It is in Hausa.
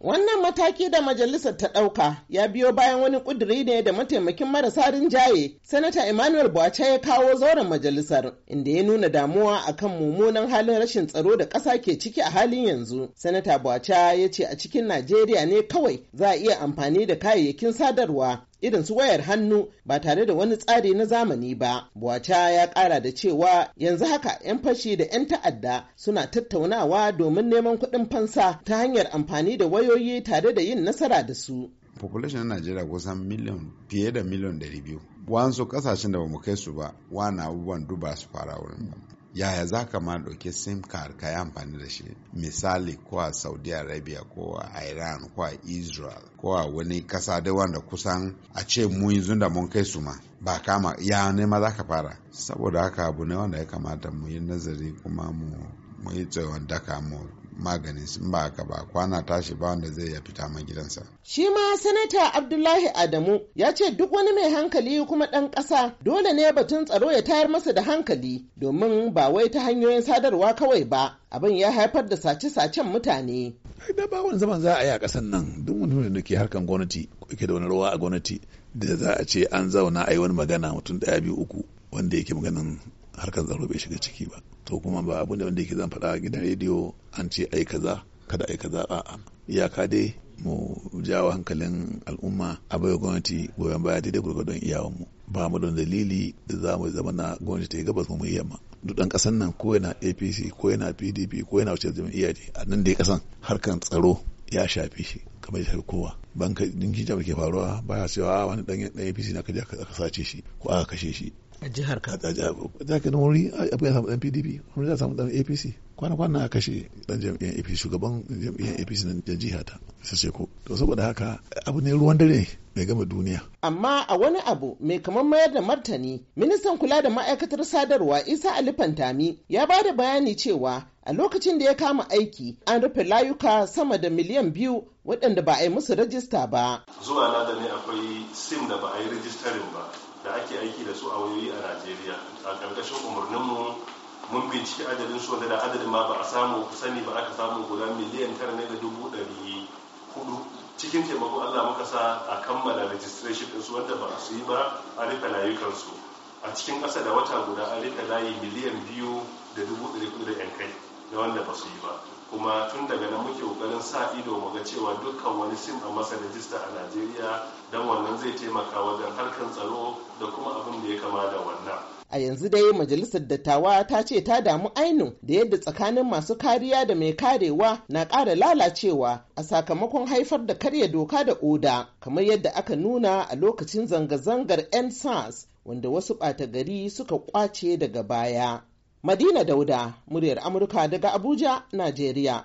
Wannan mataki da majalisar ta ɗauka ya biyo bayan wani ƙudiri ne da mataimakin marasa rinjaye, Sanata Emmanuel Bwacha ya kawo zauren majalisar, inda ya nuna damuwa akan mummunan halin rashin tsaro da ƙasa ke ciki a halin yanzu. Sanata Bwacha ya ce a cikin Najeriya ne kawai za a iya amfani da kayayyakin sadarwa irin su wayar hannu ba tare da wani tsari na zamani ba. Buwata ya kara da cewa yanzu haka 'yan fashi da 'yan ta'adda suna tattaunawa domin neman kuɗin fansa ta hanyar amfani da wayoyi tare da yin nasara da su. population na Najeriya kusan miliyan fiye da miliyan 200. Wansu kasashen da ba mu kai su ba, wani abubuwan duba su fara wurin. yaya za ka ma ɗauki sim card ka yi amfani da shi misali ko a saudi arabia ko a iran ko a israel ko a wani kasa dai wanda kusan a ce mu yanzu da mun kai su ma ba kama ya nema za ka fara saboda haka abu ne wanda ya kamata mu yi nazari kuma mu yi tsohon daka mu maganin sun ba haka ba kwana tashi ba wanda zai ya fita ma gidansa. Shi ma sanata Abdullahi Adamu ya ce duk wani mai hankali kuma ɗan ƙasa dole ne batun tsaro ya tayar masa da hankali domin ba wai ta hanyoyin sadarwa kawai ba abin ya haifar da sace-sacen mutane. Da ba wani zaman za a yi a kasan nan duk mutumin da ke harkan gwamnati ke da wani rawa a gwamnati da za a ce an zauna a yi wani magana mutum ɗaya biyu uku wanda yake maganin harkar tsaro bai shiga ciki ba. to kuma ba abin da wanda yake zan faɗa a gidan rediyo an ce ai kaza kada ai kaza a'a iyaka dai mu jawo hankalin al'umma a baiwa gwamnati goyon baya daidai gwargwadon mu ba mu don dalili da za mu zama na gwamnati ta yi gabas mu yi yamma duk ɗan ƙasan nan ko yana apc ko yana pdp ko yana wuce jam'iyya ne a nan dai ƙasan harkan tsaro ya shafi shi kamar ya kowa banka ka dinkin ke faruwa baya cewa ah, wani ɗan apc na kaje aka sace shi ko aka kashe shi a jihar ka jihar ka nan wuri abu ya samu dan pdp wani za samu dan apc kwana kwana a kashe dan jam'iyyar apc shugaban jam'iyyar apc na jiha ta ce ko to saboda haka abu ne ruwan dare mai gama duniya amma a wani abu mai kamar mayar da martani ministan kula da ma'aikatar sadarwa isa ali fantami ya ba da bayani cewa a lokacin da ya kama aiki an rufe layuka sama da miliyan biyu waɗanda ba a yi musu rajista ba zuwa na da ne akwai sim da ba a yi rijistarin ba da ake aiki da su a wayoyi a najeriya a ƙarƙashin umarninmu mun binciki adadin su da adadin ma ba a samu sani ba aka samu guda miliyan tara ne da dubu ɗari hudu cikin taimako allah muka sa a kammala registration su wanda ba su yi ba a rika layukansu a cikin ƙasa da wata guda an rika layi miliyan biyu da dubu ɗari hudu da yan kai da wanda ba su yi ba kuma tun daga nan muke ƙoƙarin sa ido mu ga cewa dukkan wani sim a masa rajista a najeriya don wannan zai taimaka wajen harkar tsaro da kuma abin da ya kama da wannan a yanzu dai majalisar dattawa ta ce ta damu ainun da yadda tsakanin masu kariya da mai karewa na ƙara lalacewa a sakamakon haifar da karya doka da oda kamar yadda aka nuna a lokacin zanga-zangar yan Sars, wanda wasu ɓata gari suka kwace daga baya madina dauda muryar amurka daga abuja najeriya